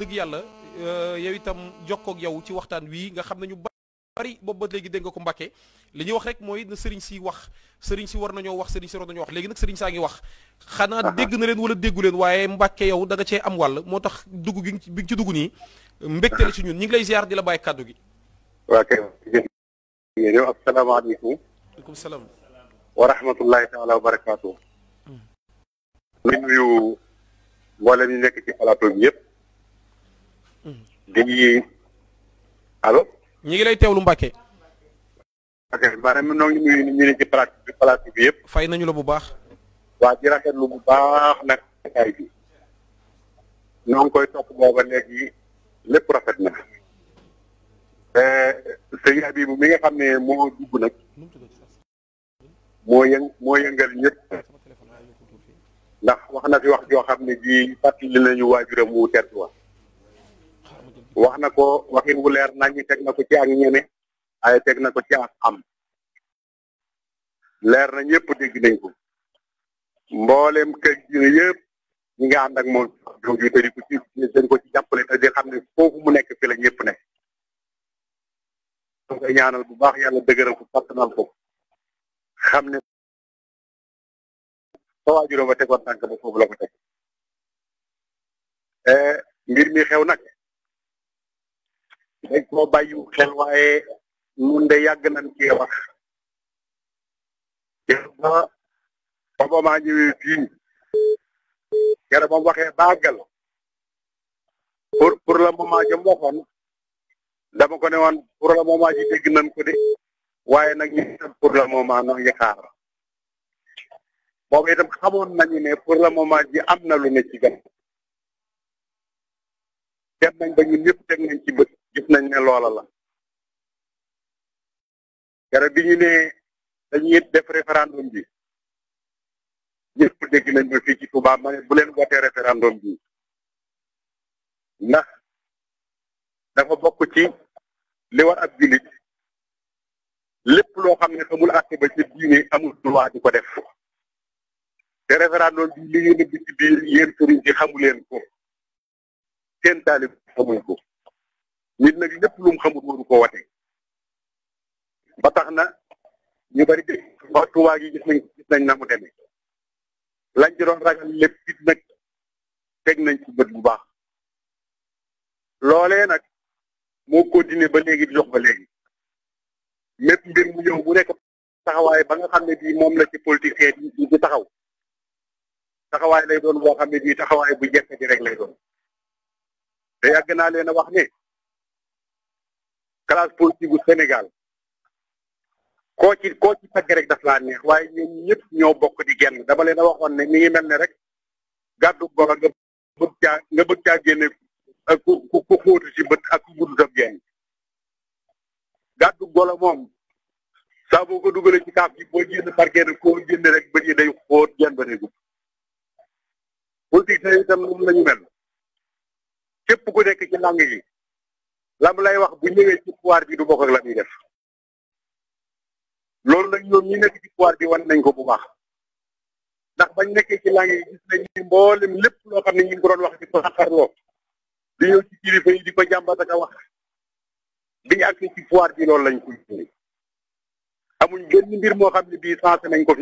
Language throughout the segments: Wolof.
dëgg yàlla euh, yow itam jokkoo yow ci waxtaan wii nga xam ne ñu bari boobu ba léegi dégg nga ko Mbàkke li ñuy wax rek mooy na sëriñ si wax sëriñ si war nañoo wax sëriñ si war nañoo wax léegi nag sëriñ saa ngi wax xanaa dégg na leen wala déggu leen waaye Mbàkke yow da nga cee am wàll moo tax dugg bi nga ci dugg nii mbégte la ci ñun ñu ngi lay ziar di la bàyyi kàddu gi waa kay yow asalaamaaleykum aleykum salaam wa rahmatullahi taala wa barakaatu ñu hmm. nuyu mboolem ñi nekk ci yëpp di alo ñu ngi lay teew lu ok Mbacke ñoo ngi nuyu ñu ne ci pratique palaat bi yëpp. fay nañu la bu baax. waa rafet lu bu baax nag ay ñoo ngi koy topp booba léegi lépp rafet na. Eh, sëñ bu mi nga xam ne moo dugg nag. moo yëng moo yëngal ñëpp. ndax wax na fi wax joo xam ne ji fàttali nañu waajuram wu tedd wa wax na ko waxin wu leer naññi teg na ko ci ak ñeme ay teg na ko ci ak am leer na ñëpp dégg nañ ko mboolem kër diine yëpp ñi nga ànd ak moom jooju te di ci dañ ko ci jàppale te di xam ne foofu mu nekk fi la ñëpp nekk ñu koy ñaanal bu baax yàlla dëgëral ko kattanal ko xam ne sa waajuróom ba tegoon tànk ba foofu la eh, mbir mi xew nag ko bàyyiwu xel waaye nun de yàgg nañ cee wax ba booba maa waxee baagal pour pour le moment jëm waxoon dama ko ne woon pour le moment ji dégg nañ ko de waaye nag ñu itam pour le moment noo ngi xaar pour le moment ji am na lu ne ci gan dem ba ñu ñëpp teg nañ ci gis nañ ne loola la garab biñu ñu ne dañuy def référendum bi ñëpp dégg nañ ma fii bu leen wootee référendum bi ndax dafa bokk ci li war ab jullit lépp loo xam ne xamul àtte ba ci diine amul droit di ko def te référendum bi li ñu nëbb ci biir yéen sëriñ si xamu leen ko seen taalib ko nit nag lépp lum mu xamul waru ko watee ba tax na ñu bari de Tuubaa gi gis nañ gis nañ na mu demee lañ ci doon ragal lépp nag teg nañ ci bët bu baax loolee nag moo continué ba léegi di dox ba léegi mépp mbir mu ñëw bu nekk taxawaay ba nga xam ne bii moom la ci politique yi di taxaw taxawaay lay doon boo xam ne bii taxawaay bu jekk di rek lay doon te yàgg naa leen a wax ne classe politique gu Sénégal ko ci ko ci tagg rek daf la neex waaye ñoom ñepp ñoo bokk di genn dama leen waxon ne mi ngi melne rek gaddu goro nga bëgg caa nga bëgg genn ak ku ku xóotu ci bëtt ak ku gudd ab genn gaddu golo mom sa bu ko duggal ci kaaf ci bo genn parquet ne koo génne rek bët day xoot genn ba nekkul politique tay tam noonu lañu mel cëpp ku nekk ci langue yi lam lay wax bu ñëwé ci pouvoir bi du bokk ak lamuy def loolu nak ñoom ñi nekk ci pouvoir bi wan nañ ko bu baax ndax bañ nekké ci langue yi gis nañ ni mboolem lépp loo xam ñu ko doon wax ci di ñëw ci kilifa yi di ko jàmbat ak wax bi ñu àgg ci pouvoir bi loolu lañ ko amuñ mbir nañ ko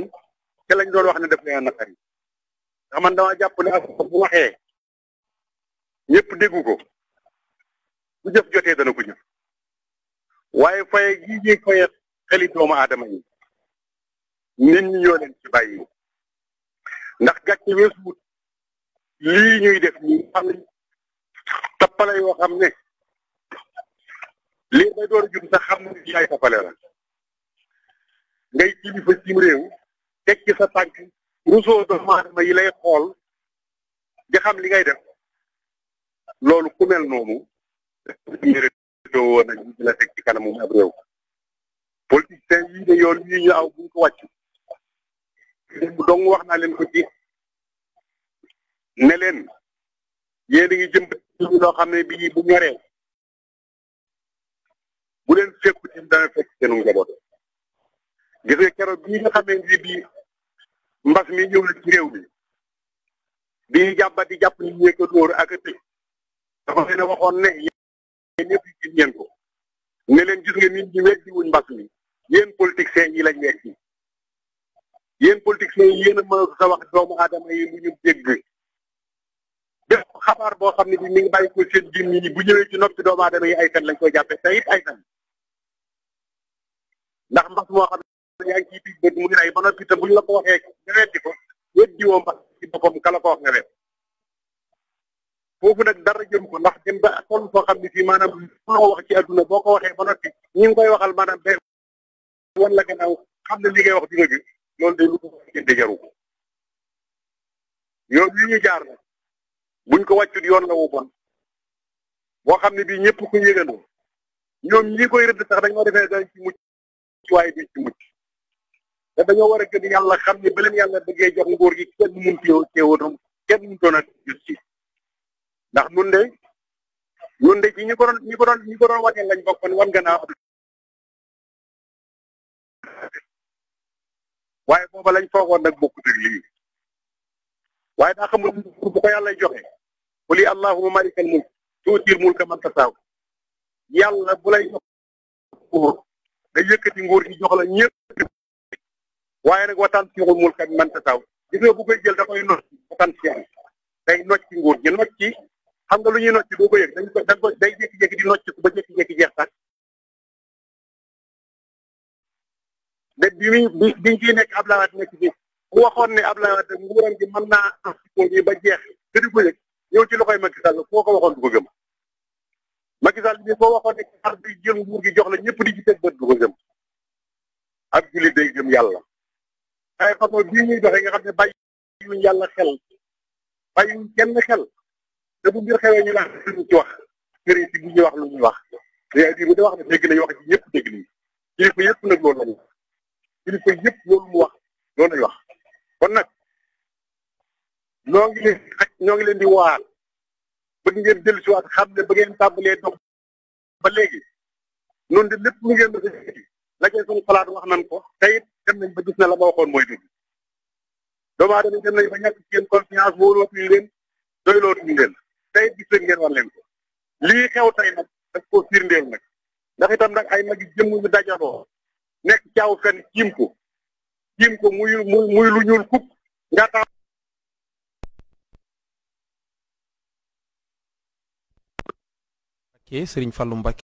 fi lañ doon wax ne def nakari man dama jàpp ne ak bu waxee déggu ko bu jëf jotee dana ko jëf waaye faye gii ñuy faye xeli doomu aadama yi nit ñi ñoo leen ci bàyyi ndax gàcce weesuwut lii ñuy def ñi xam ne tappale yoo xam ne lii may door a jur sax xam ne ay tappale la ngay kilifa cim réew teg ci sa tànk rusoo doomu aadama yi lay xool di xam li ngay def loolu ku mel noonu mérito kanamu ab réew politicien yi ne yoon yi ñu aw buñ ko wàcc démb dong wax naa leen ko ci ne leen yéen a ngi jëm loo xam ne bii bu ñoree bu leen fekku ci dana fekk seenu njaboot gis nga keroog bii nga xamee ni mbas mi ñëw na ci réew mi bi jàpp di jàpp ni ñu ko dóor ak tëj dafa leen waxoon ne yéen ñëpp ngeen ko ne leen gis ngeen nit ñi weddi wuñ mbas mi yéen politiciens yi lañ weddi yéen politiciens yi yéen a sa wax doomu aadama yi lu ñu dégg boo xam ne bi mi ngi ko seen jim yi bu ñëwee ci noppi doomu aadama yi ay fen lañ koy jàppee te it ndax mbas moo xam ne yaa mu ngi rey ba noppi te bu la ko waxee nga weddi ko weddi mbas ci boppam kala ko wax nga wet koo xam ne fii maanaam loo wax ci adduna boo ko waxee ba noppi ngi koy waxal maanaam day wan la gannaaw xam ne li ngay wax du dëgg loolu day lu ko jënde yoon wi ñu jaar na buñ ko wàccut yoon la wu bon boo xam ne bii ñëpp ku yëgandoo ñoom ñi koy rëdd sax dañoo defee dañ ci waaye duñ dañoo war a gën yàlla xam ne baleen yàlla bëggee jox nguur gi kenn mun cee woon kenn mun doon ndax nun de ñun de ci ñi ko doon ñi ko doon ñi ko doon wone lañ won wan gannaaw waaye booba lañ foogoon nak bokku ak li waye da xamul bu ko yalla joxe quli ya allahumma malikal mulk tuutil mulka man tasaw yalla bu lay jox nguur da yëkëti nguur gi jox la waye nak watan ci xul mulka man tasaw gis nga bu koy jël da koy noc watan ci day noc ci nguur gi noc ci xam nga lu ñuy nocc doo yëg dañ ko dañ ko day jékki-jékki di nocc ba jékki-jékki jeex sax da bi mi bi bi ciy nekk Ablaye nekk ci mu waxoon ne ablawat Wade nguuram gi mën naa am ci ba jeex te di ko yëg yow ci loxoy Macky Sall ko ko waxoon du ko gëm Macky Sall bi ko waxoon ne xar bi jël nguur gi jox la ñëpp di ci teg bët du ko gëm ak julli day gëm yàlla waaye façon bii ñuy doxee nga xam ne bàyyi yuñ yàlla xel bàyyi yuñ kenn xel te bu mbir xewee ñu naan sëriñ ci wax sëriñ si bu ñuy wax lu ñuy wax c'est-à-dire bu wax ne dégg wax ci ñëpp dégg nañ kilifa yëpp nag loolu lañu wax kilifa yëpp mu wax loolu lañu wax kon nag ñoo ngi leen ñoo ngi leen di waal bëgg ngeen dellu si waat xam ne ba ngeen tàmbalee dox ba léegi noonu de lépp mu ngeen def ci la ngeen suñu xalaat wax nan ko te it dem nañ ba gis na la ma waxoon mooy dëgg doomu aadama dem nañ ba ñàkk ci yéen confiance wóolootuñu leen doylootuñu leen tey leen lii xew tey nag daf nag ndax nag ay magi jëmm ñu dajaloo nekk caaw fenn kiim ko kiim ko muy muy lu ñuul kukk nga tax ok Serigne Fallou Mbacké